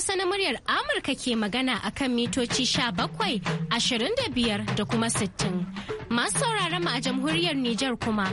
Hausa na muryar Amurka ke magana a kan mitoci bakwai ashirin da biyar da kuma sittin Masu sauraron mu a jamhuriyar Nijar kuma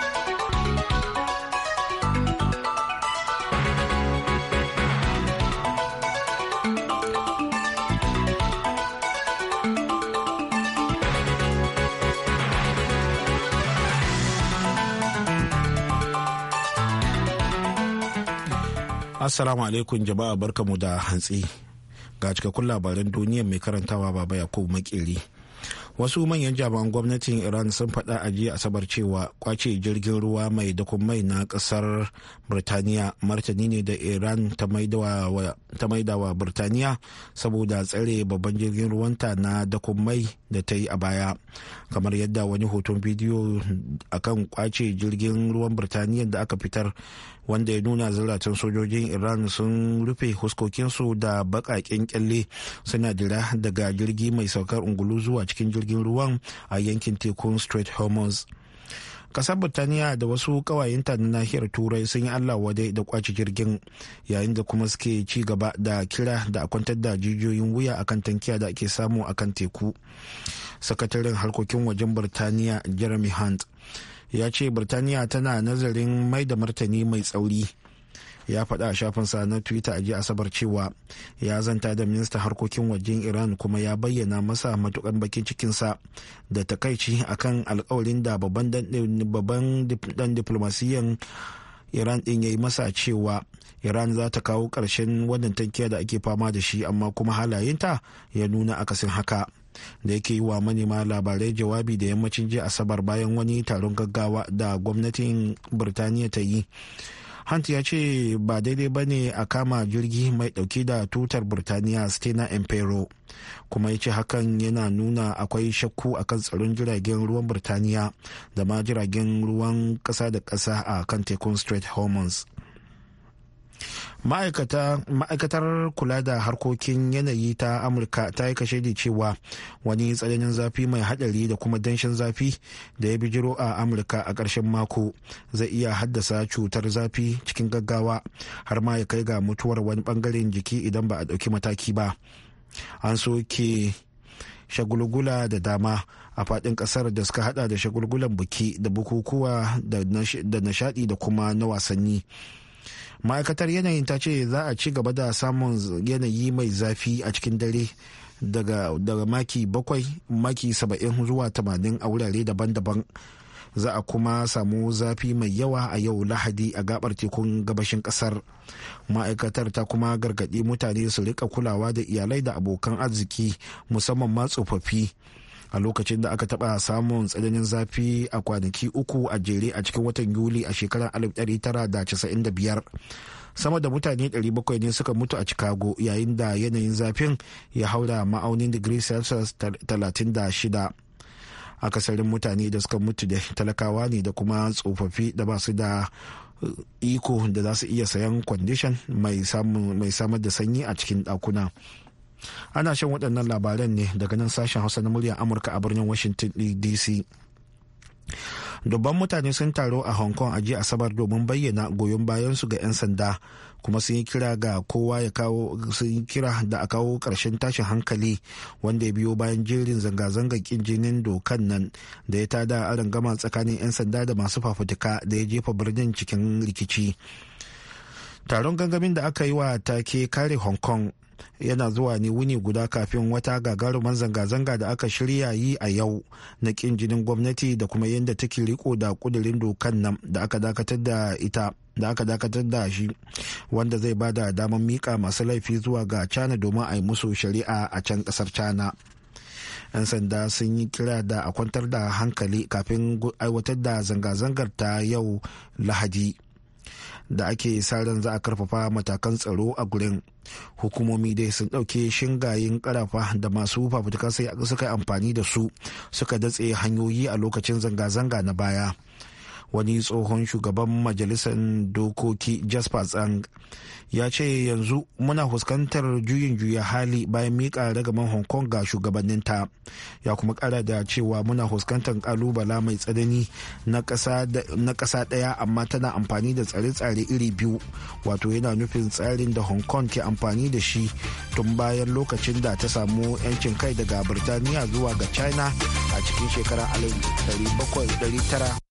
Assalamu alaikum jama'a barkamu da hantsi. Ga cikakkun labaran duniya mai karantawa baba Yakubu Makeri. wasu manyan jami'an gwamnatin iran sun faɗa a jiya asabar cewa kwace jirgin ruwa mai dakon mai na ƙasar birtaniya martani ne da iran ta maida wa birtaniya saboda tsare babban jirgin ruwanta na dakon mai da ta yi a baya kamar yadda wani hoton bidiyo akan kwace jirgin ruwan birtaniya da aka fitar wanda ya nuna zaratan sojojin iran sun rufe huskokinsu da baƙaƙen kyalle suna dira daga jirgi mai saukar ungulu zuwa cikin jirgin jirgin ruwan a yankin tekun strait hormuz kasar birtaniya da wasu kawayenta na nahiyar turai sun yi allah wadai da kwace jirgin yayin da kuma suke ci gaba da kira da kwantar da jijiyoyin wuya akan tankiya da ake samu akan teku sakataren harkokin wajen birtaniya jeremy hunt ya ce birtaniya tana nazarin mai da martani mai tsauri ya faɗa a shafin sa na twitter a jiya asabar cewa ya zanta da minista harkokin wajen iran kuma ya bayyana masa matukan bakin cikinsa da takaici akan alkawarin da babban dan diplomasiyan iran din ya yi masa cewa iran za ta kawo ƙarshen wannan tankiya da ake fama da shi amma kuma halayenta ya nuna akasin haka da yake yi wa manema labarai jawabi da yammacin jiya asabar bayan wani taron gaggawa da gwamnatin birtaniya ta yi hunt ya ce ba daidai ba ne a kama jirgi mai dauke da tutar burtaniya stena empero kuma ya ce hakan yana nuna akwai shakku akan tsaron jiragen ruwan burtaniya da ma jiragen ruwan kasa da kasa a kan tekun street hormones ma'aikatar kula da harkokin yanayi ta amurka ta yi kashe da cewa wani tsananin zafi mai hadari da kuma danshin zafi da ya bijiro a amurka a ƙarshen mako zai iya haddasa cutar zafi cikin gaggawa har ma ya kai ga mutuwar wani bangaren jiki idan ba a ɗauki mataki ba an soke shagulgula da dama a faɗin ƙasar da suka hada da shagulgulan buki da bukukuwa da nishadi da kuma na wasanni. ma'aikatar yanayin ta ce za a ci gaba da samun yanayi mai zafi a cikin dare daga, maki bakwai maki saba'in zuwa tamanin a wurare daban-daban za a kuma samu zafi mai yawa a yau lahadi a gabar tekun gabashin kasar ma'aikatar ta kuma gargaɗi mutane su rika kulawa da iyalai da abokan arziki musamman ma tsofaffi a lokacin da aka taɓa samun tsananin zafi a kwanaki uku a jere a cikin watan yuli a shekarar 1995 sama da mutane 700 ne suka mutu a chicago yayin da yanayin zafin ya haura ma'aunin digiri celsius 36 akasarin mutane da suka mutu da talakawa ne da kuma tsofaffi da ba su da eh, iko da za su iya sayan kwandishan mai samar da sanyi a cikin dakuna. ana shan waɗannan labaran ne daga nan sashen hausa na muryar amurka a birnin washington dc dubban mutane sun taro a hong kong a jiya asabar domin bayyana goyon bayansu ga 'yan sanda kuma sun yi kira ga kowa ya kawo sun yi kira da a kawo karshen tashin hankali wanda ya biyo bayan jerin zanga-zanga kin jinin dokan nan da ya tada aron gama tsakanin 'yan sanda da masu fafutuka da ya jefa birnin cikin rikici taron gangamin da aka yi wa take kare hong kong yana zuwa ne wuni guda kafin wata gagaruman zanga-zanga da aka shirya yi a yau na kin jinin gwamnati da kuma yadda take riko da kudurin dokan nan da aka dakatar da ita da aka dakatar da shi wanda zai ba da damar mika masu laifi zuwa ga cana domin a yi musu shari'a a can kasar cana 'yan sanda sun yi kira da a kwantar da hankali kafin aiwatar da zanga-zangar ta yau lahadi da ake sa ran za a karfafa matakan tsaro a gurin hukumomi dai sun ɗauke shingayen karafa da masu fafutuka sai suka yi amfani da su suka datse hanyoyi a lokacin zanga-zanga na baya wani tsohon shugaban majalisar dokoki jasper tsang ya ce yanzu muna fuskantar juyin juya hali bayan miƙa ragaman hong kong ga ta ya kuma kara da cewa muna fuskantar ƙalubala mai tsanani na ƙasa ɗaya amma tana amfani da tsare-tsare iri biyu wato yana nufin tsarin da hong kong ke amfani da shi tun bayan lokacin da ta samu 'yancin kai daga birtaniya zuwa ga china a cikin shekarar 1900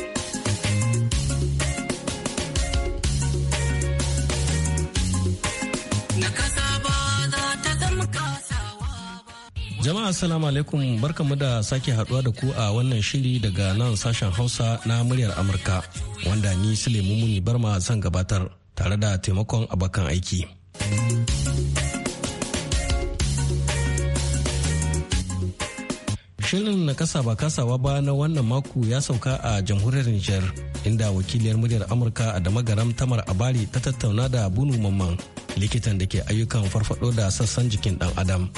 Jama'a assalamu alaikum barkamu da sake haduwa da ku a wannan shiri daga nan sashen Hausa na muryar Amurka wanda ni Sule Mumuni Barma zan gabatar tare da taimakon abakan aiki. Shirin na kasa ba kasawa ba na wannan mako ya sauka a jamhuriyar Nijar inda wakiliyar muryar Amurka a Damagaram Tamar Abari ta tattauna da Bunu Mamman likitan da ke ayyukan farfado da sassan jikin dan adam.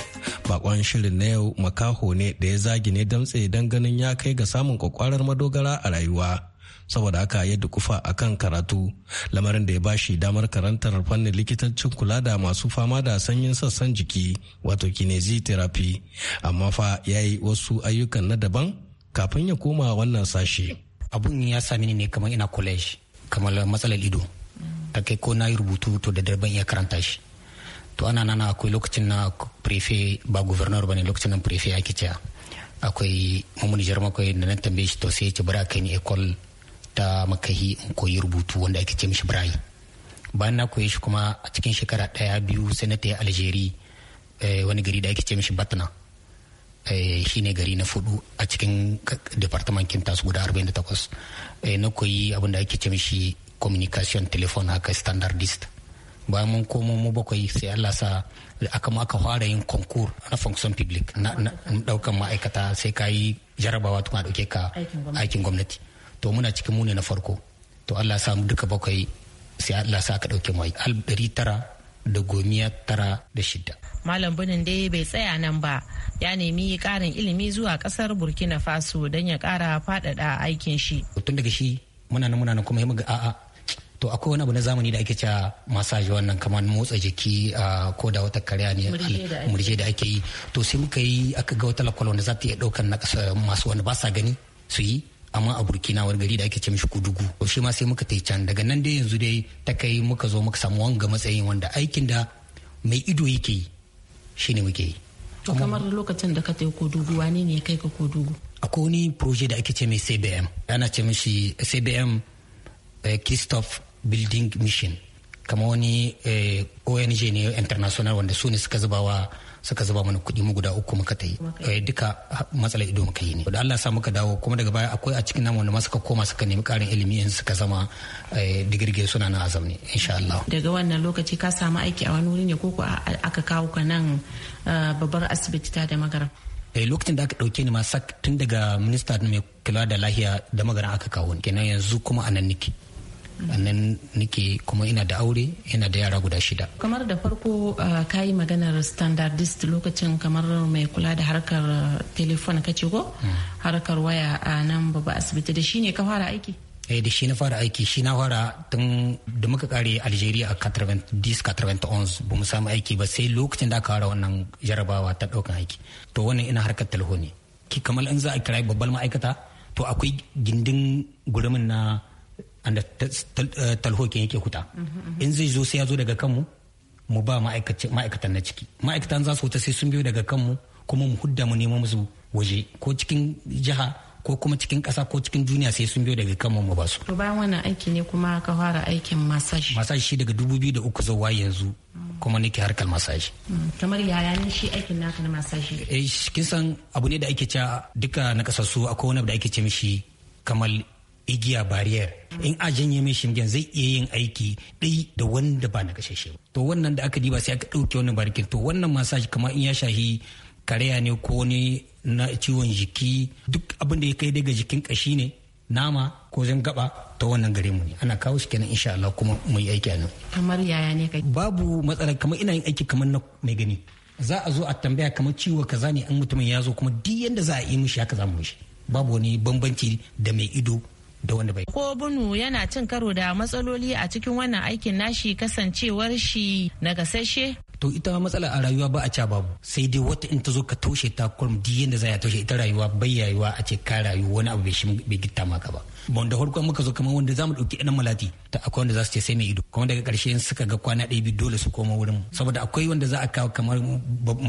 Bakon shirin na yau makaho ne da ya zagi ne damtse don ganin ya kai ga samun kwakwarar madogara a rayuwa. saboda haka ya dukufa a kan karatu lamarin da ya bashi damar karantar fannin likitancin kula da masu fama da sanyin sassan jiki wato therapy amma fa ya yi wasu ayyukan na daban kafin ya koma wannan sashi abun ya sami ne kamar ina college kamar matsalar ido ta kai ko na yi rubutu to da darban ya karanta shi to ana nana akwai lokacin na prefe ba governor ne lokacin na prefe ya ke akwai mamuni jarma akwai da nan tambaye shi to sai ya ce bari a kai ni ecole ta makahi in koyi rubutu wanda ake ce mishi birayi bayan na koyi shi kuma a cikin shekara ɗaya biyu sai na tafi aljeri eh, wani gari da ake ce mishi batna eh, shi ne gari na fudu a cikin departament kintas guda 48 eh, na koyi abin da ake ce mishi communication telephone haka standardist bayan mun komo mu bakwai sai Allah sa aka ma aka fara yin konkur na function public na daukan ma'aikata sai ka yi jarabawa tun a dauke ka aikin gwamnati to muna cikin mune na farko to Allah sa mu duka bakwai sai Allah sa ka dauke ai al tara da gomiya tara da shida malam binin dai bai tsaya nan ba ya nemi karin ilimi zuwa kasar burkina faso don ya kara fadada aikin shi tun daga shi muna nan muna nan kuma ga a'a to akwai wani abu na zamani da ake cewa masaji wannan kamar motsa jiki ko da wata karya ne murje da ake yi to sai muka yi aka ga wata lakwal wanda za ta iya ɗaukar na masu wanda ba sa gani su yi amma a burkina wani gari da ake ce mishi kudugu to shi ma sai muka tai can daga nan dai yanzu dai ta kai muka zo muka samu wanga matsayin wanda aikin da mai ido yake yi shine muke yi kamar lokacin da ka tai kudugu wani ne kai ka kudugu akwai wani proje da ake ce mai cbm ana ce mishi cbm eh, christoph building mission kama wani eh, ong ne international wanda su ne suka zuba wa suka zuba mana kuɗi mu guda uku muka ta yi eh, duka matsalar ido muka yi ne da Allah sa muka dawo kuma daga baya akwai a cikin namu wanda ma suka koma suka nemi ƙarin ilimi yanzu suka zama eh, digirge suna na azam ne insha Allah daga wannan lokaci ka samu aiki a wani wuri ne ko aka kawo ka nan eh, babbar asibiti ta da magaram lokacin da aka dauke ni ma sak tun daga minista mai kula da lahiya da magana aka kawo kenan yanzu kuma a nan niki nan nake kuma ina da aure ina da yara guda shida kamar da farko ka yi maganar standardist lokacin kamar mai kula da harkar telefon ka ce ko hmm. harkar waya a nan babba asibiti da shi ne ka fara aiki eh da shi na fara aiki shi na fara tun da muka kare algeria a 90-91 ba mu samu aiki ba sai lokacin da aka fara wannan jarabawa ta daukan aiki to wannan ina harkar talho ne ki kamar in za a kira babbar ma'aikata to akwai gindin gurumin na anda talhokin yake huta in zai zo sai ya zo daga kanmu mu ba ma'aikatan na ciki ma'aikatan za su wuta sai sun biyo daga kanmu kuma mu hudda mu nemo musu waje ko cikin jiha ko kuma cikin ƙasa ko cikin duniya sai sun biyo daga kanmu mu ba su. To bayan wannan aiki ne kuma ka fara aikin masaji. Masaji shi daga dubu biyu da uku zuwa yanzu kuma nake harkar masaji. Mm, kamar yaya ne shi aikin naka na masaji? Eh kin san abu ne da ake cewa duka na kasassu akwai wani abu da ake ce mishi kamar igiya bariyar in a janye mai shingen zai iya yin aiki ɗai da wanda ba na gashashe ba to wannan da aka diba sai aka ɗauke wani barkin to wannan masaji kamar in ya shahi kareya ne ko ne na ciwon jiki duk abin da ya kai daga jikin kashi ne nama ko zan gaba ta wannan gare mu ne ana kawo shi kenan insha Allah kuma mu yi aiki a nan kamar yaya ne kai babu matsala kamar ina yin aiki kamar na mai gani za a zo a tambaya kamar ciwo kaza ne an mutumin ya zo kuma duk yanda za a yi mishi haka za mu mishi babu wani bambanci da mai ido da wanda bai. Ko Bunu yana cin karo da matsaloli a cikin wannan aikin nashi kasancewar shi na gasashe. To ita matsala a rayuwa ba a ca babu sai dai wata in ta zo ka toshe ta kurum di yadda za a toshe ita rayuwa bai rayuwa a ce ka rayu wani abu bai gitta maka ba. Bon da farko muka zo kamar wanda za mu ɗauki ɗan malati ta akwai wanda za su ce sai mai ido kuma daga ƙarshe in suka ga kwana ɗaya biyu dole su koma wurin saboda akwai wanda za a kawo kamar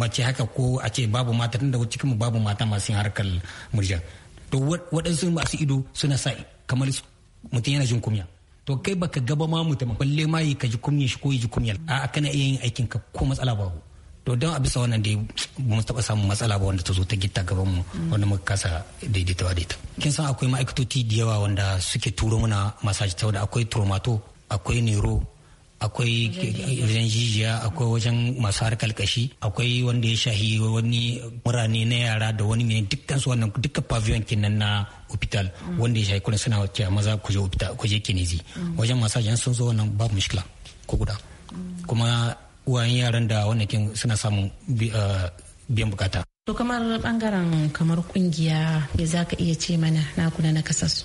mace haka ko a ce babu mata tun da cikin babu mata masu harkar murjan. To waɗansu masu ido suna sa kamar mutum yana jin kumya to kai baka gaba ma mutum balle ma yi ka ji kumya shi ko yi ji kumya a kana iya yin aikin ka ko matsala ba to don a bisa wannan dai mu taba samun matsala ba wanda ta zo ta gitta gaban mu wanda muka kasa daidaitawa da ita kin san akwai ma'aikatoci da yawa wanda suke turo muna masaji ta akwai tromato akwai nero akwai wajen jijiya akwai wajen masu harkar kashi akwai wanda ya shahi wani murane na yara da wani ne dukkan su wannan duka pavilion kenan na hospital wanda ya shahi kuma suna cewa maza ku je hospital ku je kinezi wajen masajen sun zo wannan babu mushkila ko guda kuma uwayen yaran da wannan kin suna samun eh, biyan bukata to kamar bangaren kamar kungiya za zaka iya ce mana na kuna na kasasu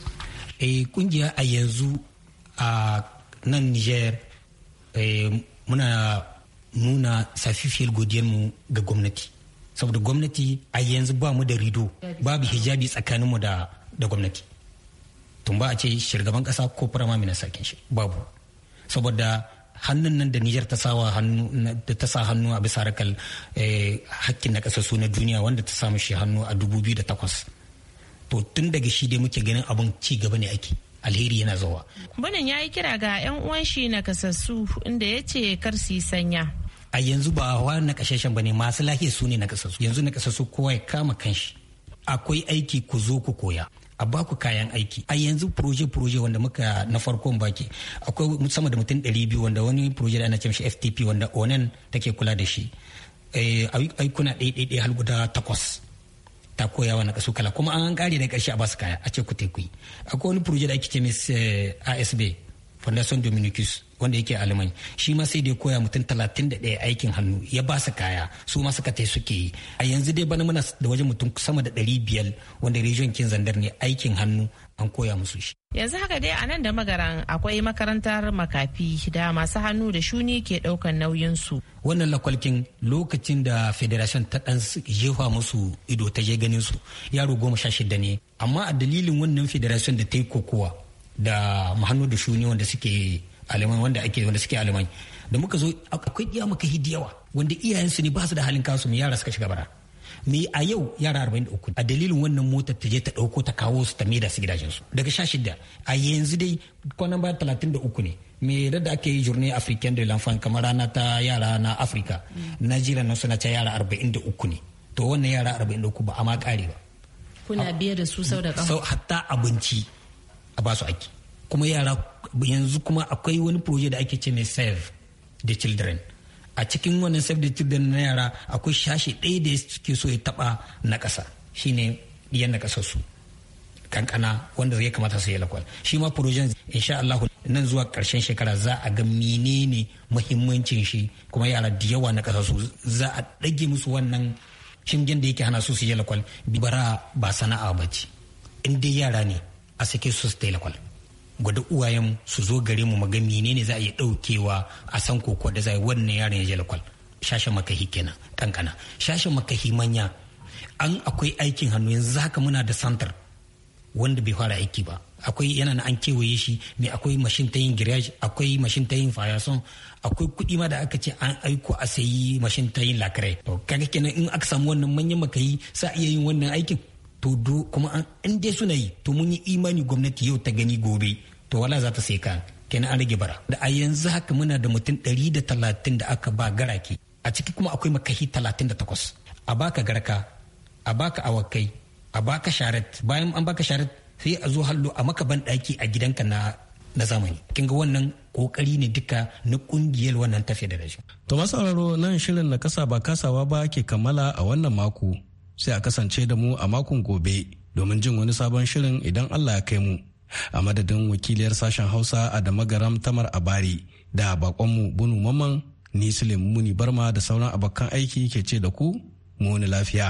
eh kungiya a yanzu a nan Niger Eh, muna nuna safifiyar mu ga gwamnati saboda gwamnati a yanzu ba mu da rido babu hijabi tsakaninmu da da gwamnati tun ba a ce shirgaban kasa ko firama mina sakin shi babu saboda hannun nan da Nijar ta sa hannu a bisa rakal eh, hakkin na kasar na duniya wanda ta samu shi hannu a 2008 to tun daga shi dai muke ganin abin ci gaba ne ake alheri yana zuwa. Bunin ya yi kira ga 'yan uwan shi na kasassu inda ya ce kar su yi sanya. A yanzu ba wa na kashashen ba ne masu lahiya su ne na kasassu yanzu na kasassu kowa ya kama kanshi. Akwai aiki ku zo ku koya. a baku kayan aiki a yanzu proje proje wanda muka na farkon baki akwai sama da mutum ɗari biyu wanda wani proje da ana ce shi FTP wanda onan take kula da shi eh, aikuna ɗaya ɗaya har guda takwas ta koya wa na kaso kala kuma an kare da karshe a basu kaya a ce ku teku akwai wani proje da ake ce mai eh, asb fondation dominicus wanda yake alemany shi ma sai dai koya mutum talatin da ɗaya aikin hannu ya ba su kaya su ma suka tai suke yi a yanzu dai bana muna da wajen mutum sama da ɗari biyar wanda region kin zandar ne aikin hannu an koya musu shi. Yanzu haka dai a nan da magaran akwai makarantar makafi da masu hannu da shuni ke ɗaukan nauyinsu. Wannan lakwalkin lokacin da federation ta ɗan jefa musu ido ta je ganin su yaro goma sha shida ne. Amma a dalilin wannan federation da ta yi kokowa da hannu da shuni wanda suke alemai wanda ake wanda suke alemai da muka zo akwai iya muka hidiyawa wanda iyayensu ne ba su da halin kasu mu yara suka shiga bara. ne a yau yara 43 a dalilin wannan motar ta je ta dauko ta kawo su ta mai da su gidajensu daga sha shida a yanzu dai kwanan baya 33 ne me da ake yi journée africaine de l'enfant kamar rana ta yara na na jira nan suna ta yara 43 ne to wannan yara 43 ba a ma kare ba kuna biya da su sau da kawo sau hatta abinci a ba su aiki kuma yara yanzu kuma akwai wani proje da ake ce mai save the children a cikin wannan save da children na yara akwai shashi ɗaya da suke so ya taɓa na ƙasa shine ɗiyan na ƙasar su kankana wanda zai kamata su yi lakwal shi ma projen insha Allah nan zuwa ƙarshen shekara za a ga menene muhimmancin shi kuma yara da yawa na ƙasar su za a ɗage musu wannan shingen da yake hana su su yi lakwal bara ba sana'a ba ce in dai yara ne a sake su su ta yi lakwal gwada uwayen su zo gare mu maga menene za a iya daukewa a san koko da za a yi wannan yaron ya je lakwal shashe makahi kenan kankana shashe makahi manya an akwai aikin hannu yanzu haka muna da santar wanda bai fara aiki ba akwai yana na an kewaye shi me akwai mashin ta yin giraj akwai mashin ta yin fayason akwai kuɗi ma da aka ce an aiko a sayi mashin ta yin lakarai kaga kenan in aka samu wannan manyan makayi sa iya yin wannan aikin to do kuma an dai suna yi to mun yi imani gwamnati yau ta gani gobe to wala za ta sai ka kenan an rage bara da a yanzu haka muna da mutum ɗari da talatin da aka ba garaki a ciki kuma akwai makahi talatin da takwas a baka garka a baka awakai a baka sharet bayan an baka sharet sai a zo hallo a maka ban daki a gidanka na na zamani kin ga wannan kokari ne duka na kungiyar wannan tafiya da rashin to masararo nan shirin na kasa ba kasawa ba ke kammala a wannan mako sai a kasance da mu a makon gobe domin jin wani sabon shirin idan Allah ya kai mu. A madadin wakiliyar sashen Hausa a Garam Tamar Abari da bakonmu Bunu Maman ni Suleiman Muni Barma da sauran abokan aiki ke ce da ku mu lafiya.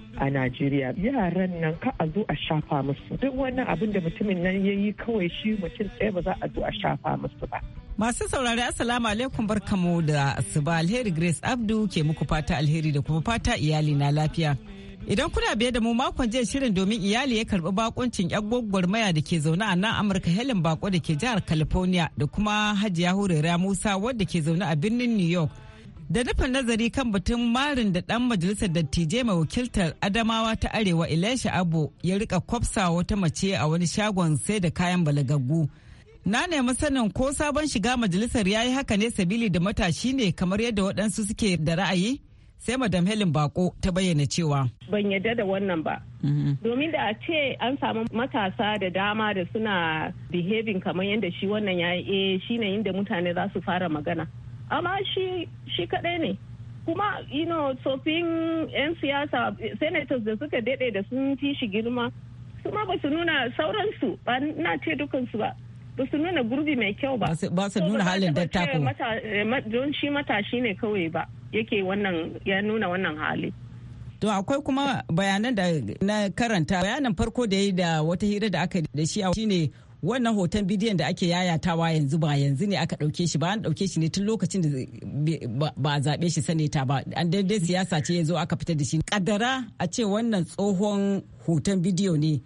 a Najeriya yaran nan ka a zo a shafa musu duk wannan abin da mutumin nan ya yi kawai shi mutum ɗaya ba za a zo a shafa musu ba. Masu saurari Assalamu alaikum barkamu da asuba alheri Grace Abdu ke muku fata alheri da kuma fata iyali na lafiya. Idan kuna biye da mu makon jiya shirin domin iyali ya karbi bakuncin yan maya da ke zaune a nan Amurka Helen Bako da ke jihar California da kuma Hajiya Hurera Musa wadda ke zaune a birnin New York. da nufin nazari kan batun marin da dan majalisar dattijai mai wakiltar adamawa ta arewa elisha abo ya rika kwafsa wata mace a wani shagon sai da kayan balagaggu na nemi sanin ko sabon shiga majalisar ya yi haka ne sabili da matashi ne kamar yadda waɗansu suke da ra'ayi sai madam helen bako ta bayyana cewa ban yadda da wannan ba mhm. domin da a ce an samu matasa da dama da suna behaving kamar yadda shi wannan ya yi eh, shine inda mutane za su fara magana amma shi shi kadai ne kuma you know tsofin 'yan siyasa senators da suka daɗe da sun fi shi girma su ma ba su nuna sauransu ba na ce dukansu ba ba su nuna gurbi mai kyau ba ba su nuna halin dattako eh, don shi matashi ne kawai ba yake wannan ya nuna wannan hali To akwai kuma bayanan da na karanta bayanan farko da ya yi da wata hira da aka da shi a shine wannan hoton bidiyon da ake yayatawa yanzu ba yanzu ne aka ɗauke shi ba an ɗauke shi ne tun lokacin da ba a zaɓe shi saneta ba an daidai siyasa ce ya zo aka fita da shi kadara a ce wannan tsohon hoton bidiyo ne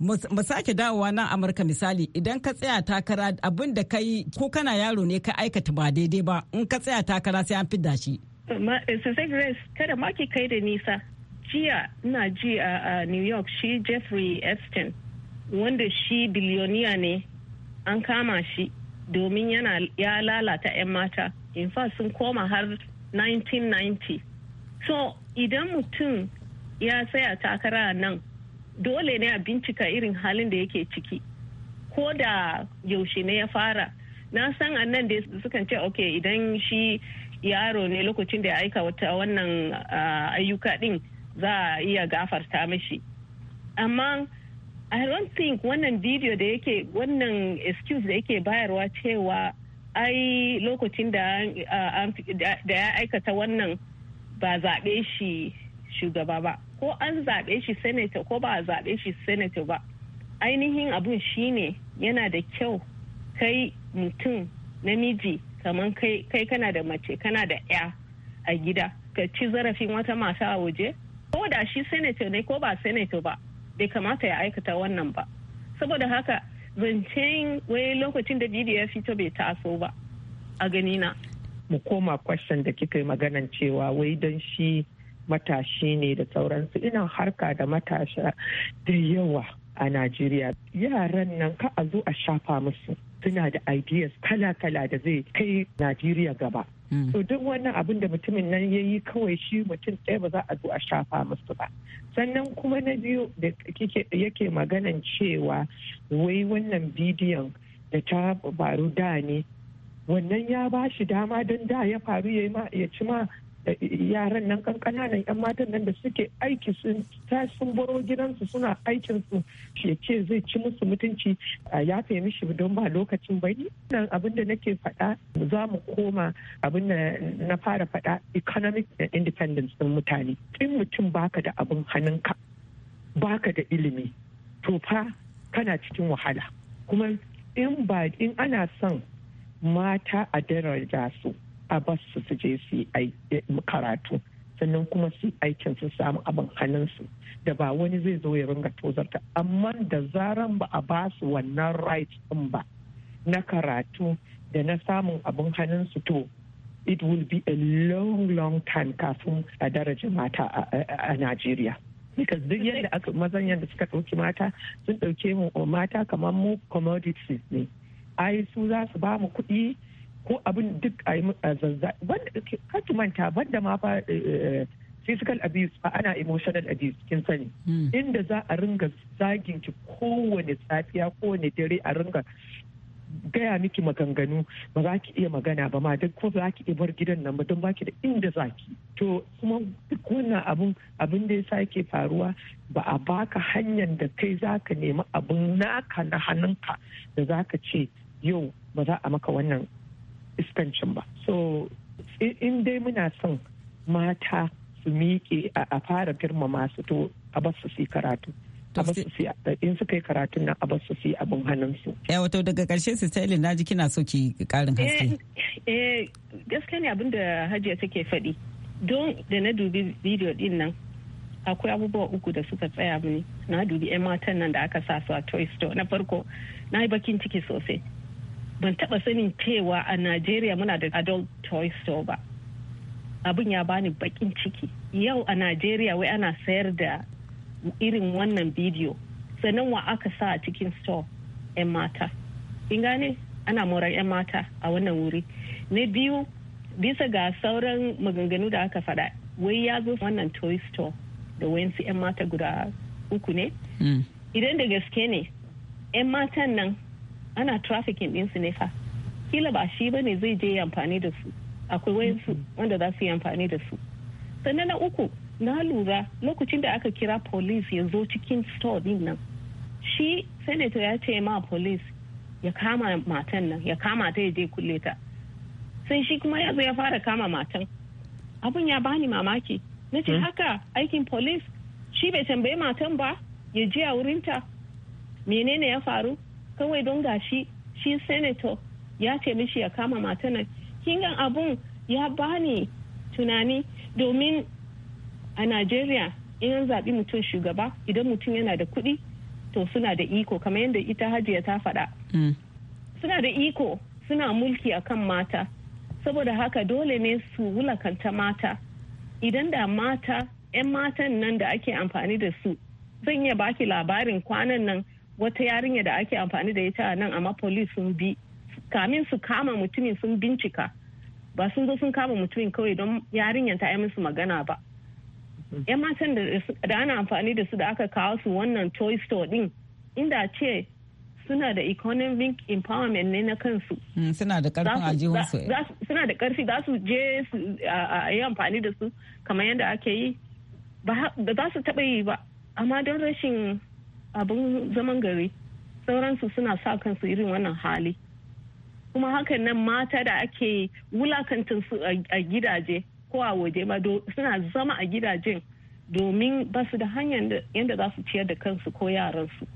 mu sake dawowa nan amurka misali idan ka tsaya takara abin da kai ko kana yaro ne ka aikata ba daidai ba in ka tsaya takara sai an fidda shi eh, sosai kada ma ki kai da nisa jiya ina ji a new york shi jeffrey epstein wanda shi biliyoniya ne an kama shi domin yana ya lalata 'yan mata in fa sun koma har 1990 so idan mutum ya tsaya takara nan dole ne a bincika irin halin da yake ciki ko da yaushe ne ya fara na san a nan da sukan ce ok idan shi yaro ne lokacin da ya aika wata wannan ah, ayyuka din za a iya gafarta mashi amma I don't think wannan video da yake wannan excuse da yake bayarwa cewa ai lokacin da ya aikata wannan ba zaɓe shi shugaba ba ko an zaɓe shi senator ko ba a zaɓe shi senator ba ainihin abun shine yana da kyau kai mutum namiji kamar kai, kana da mace kana da ya a gida ka ci zarafin wata mata a waje ko da shi senator ne ko ba senator ba bai kamata ya aikata wannan ba saboda haka zancen wai lokacin da bidiyo ya fito bai taso ba a ganina mu koma kwashen da kika yi maganan cewa wai don shi matashi ne da sauransu ina harka da matasha da yawa a najeriya yaran nan ka a zo a shafa musu suna da ideas kala-kala da zai kai najeriya gaba to mm. duk wannan abin da mutumin nan ya yi kawai shi mutum ɗaya ba za a zo a shafa musu ba sannan kuma na biyu da yake maganan cewa wai wannan bidiyon da ta faru da ne wannan ya ba shi dama don da ya faru ya ci ma yaran nan kankananan yan matan nan da suke aiki sun sun baro gidansu suna aikin su shi ce zai ci musu mutunci ya fi mishi don ba lokacin ni nan abin da nake faɗa za mu koma abin da na fara faɗa economic independence din mutane in mutum baka da abin hannunka baka da ilimi to fa kana cikin wahala kuma in ba in ana son mata a daraja su a ba su su je su eh, karatu sannan kuma su aikin su samu abin su da ba wani zai zo ya ringa tozarta amma da zaran ba a ba su wannan right din ba na karatu da na samun abin su to it will be a long long time kafin a daraja mata a Najeriya. Because duk yadda aka mazan yadda suka ɗauki mata sun ɗauke mu mata kamar mu commodities ne. Ai su za su ba mu kuɗi ko abin duk a yi manta banda ma fa eh, eh, physical abuse ba ana emotional abuse kin sani hmm. inda za a ringa zagin ki kowane safiya kowane dare a ringa gaya miki maganganu ba za ki iya magana ba ma duk ko za ki iya bar gidan nan ba don ba ki da inda za ki to kuma duk wannan abun abin da yasa yake faruwa ba a baka hanyar da kai za ka nemi abin naka na hannunka da za ka ce yau ba za a maka wannan iskancin ba so in dai muna son mata su miƙe a fara firma masu to a basu su karatu in suka yi karatun nan a basu su abin hannunsu. Ya eh, wato daga ƙarshe su tsailin na ji kina so ki ƙarin eh, haske. Eh gaskiya ne abin da Hajiya take faɗi. Don da na dubi bidiyo din nan akwai abubuwa uku da suka tsaya mini na dubi 'yan matan nan da aka sa su a Toy Store na farko na yi bakin ciki sosai. ban taba sanin cewa a najeriya muna da adult toy store ba abin ya bani bakin ciki yau a najeriya wai ana sayar da irin wannan bidiyo sannan wa aka sa a cikin store 'yan mata in gane ana morar 'yan mata a wannan wuri na biyu bisa ga sauran maganganu da aka faɗa wai ya zo wannan toy store da wayansu 'yan mata guda uku ne mm. idan da gaske ne 'yan matan nan ana trafficking ɗinsu ne fa kila ba shi ba ne zai je amfani da su akwai wayansu wanda za su yi amfani da su sannan na uku na lura lokacin da aka kira police ya zo cikin store din nan shi senator ya ce ma police ya kama matan nan ya kama ta ya je kulle ta sai shi kuma ya zo ya fara kama matan abun ya bani mamaki na ce hmm. haka aikin police shi bai tambayi matan ba ya je a wurinta menene ya faru kawai don gashi shi senator ya ce mishi ya kama mata nan kingan abun ya bani tunani domin a nigeria in an zaɓi mutum shugaba idan mutum yana da kuɗi to suna da iko kamar yadda ita hajiya ta faɗa mm. suna da iko suna mulki akan mata saboda haka dole ne su wulakanta mata idan da mata 'yan matan nan da ake amfani da su zan iya baki labarin kwanan nan wata yarinya da ake amfani da ita nan amma police sun bi kamin su kama mutumin sun bincika ba sun zo sun kama mutumin kawai don yarinyar ta yi musu magana ba yan matan da ana amfani da su da aka kawo su wannan toy store din inda ce suna da economic empowerment ne na kansu hmm, suna da karfin eh. su. suna da karfi za su je su yi amfani da su kamar yadda ake yi ba za su taɓa yi ba amma don rashin abin zaman gari sauransu suna sa kansu irin wannan hali kuma hakan nan mata da ake wulakantar su a gidaje ko a waje ma suna zama a gidajen domin ba su da hanyar yadda za su ciyar da kansu ko su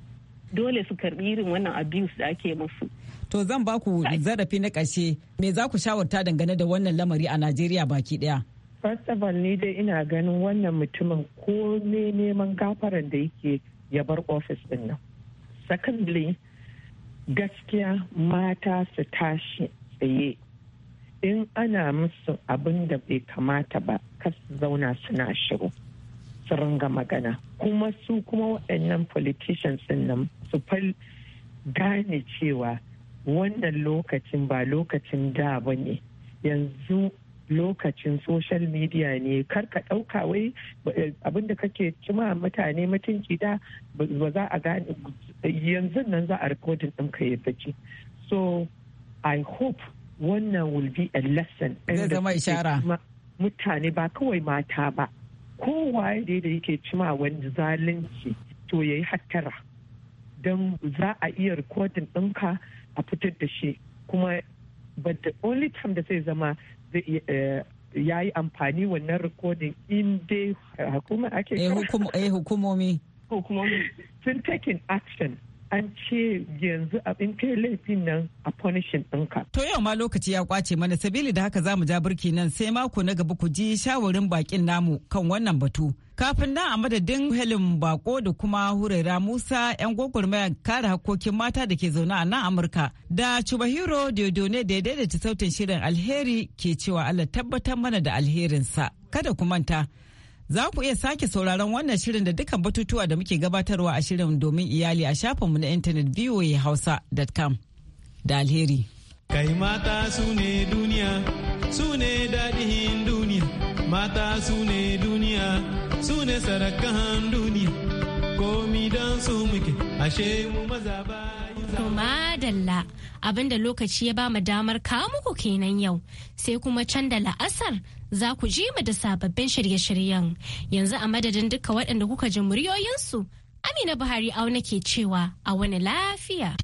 dole su karbi irin wannan abuse da ake musu to zan ba ku zarafi na ƙarshe me za ku shawarta dangane da wannan lamari a najeriya baki daya. first of all ni dai ina ganin wannan mutumin ko ne neman gafarar da yake ya bar ofis din nan secondly gaskiya mata su tashi tsaye in ana musu abin da bai kamata ba kas zauna suna shiru su ringa magana kuma su kuma waɗannan politicians din nan su fal gane cewa wannan lokacin ba lokacin da ba ne yanzu lokacin social media ne kar ka ɗauka wai eh, abinda kake cima mutane mutunci da ba za a gane yanzu nan za a rikodin ɗinka ya fice so i hope wannan will be a lesson da zama ishara mutane ba kawai mata ba kowaye da da yake cima wani zalunci to yayi hattara don za a iya rikodin ɗinka a fitar da shi kuma but the only time da zai zama eh, ya yi amfani wannan recording in dai hukuma ake eh, eh, hukumomi sun taking action an ce yanzu abin kai laifin nan a punishing ɗinka. To yau ma lokaci ya kwace mana sabili da haka za mu ja birki nan sai mako na gaba ku ji shawarin bakin namu kan wannan batu. Kafin nan a madadin Helen Bako da kuma Huraira Musa 'yan gwagwarmayar kare hakkokin mata da ke zaune a nan Amurka da Chubahiro ne da ya daidaita sautin shirin alheri ke cewa Allah tabbatar mana da alherinsa. Kada ku manta. Za ku iya sake sauraron wannan shirin da dukkan batutuwa da muke gabatarwa a shirin domin iyali a shafinmu na intanet voahausa.com da alheri. Kai mata su ne duniya, su ne daɗin duniya, mata su ne duniya, su ne sarakan duniya, komi don su muke, ashe mu maza kuma madalla abinda lokaci ya ba mu damar kawo muku kenan yau, sai kuma can da la'asar za ku ji mu da sababbin shirye-shiryen yanzu a madadin duka waɗanda kuka ji muryoyinsu amina buhari auna ke cewa a wani lafiya.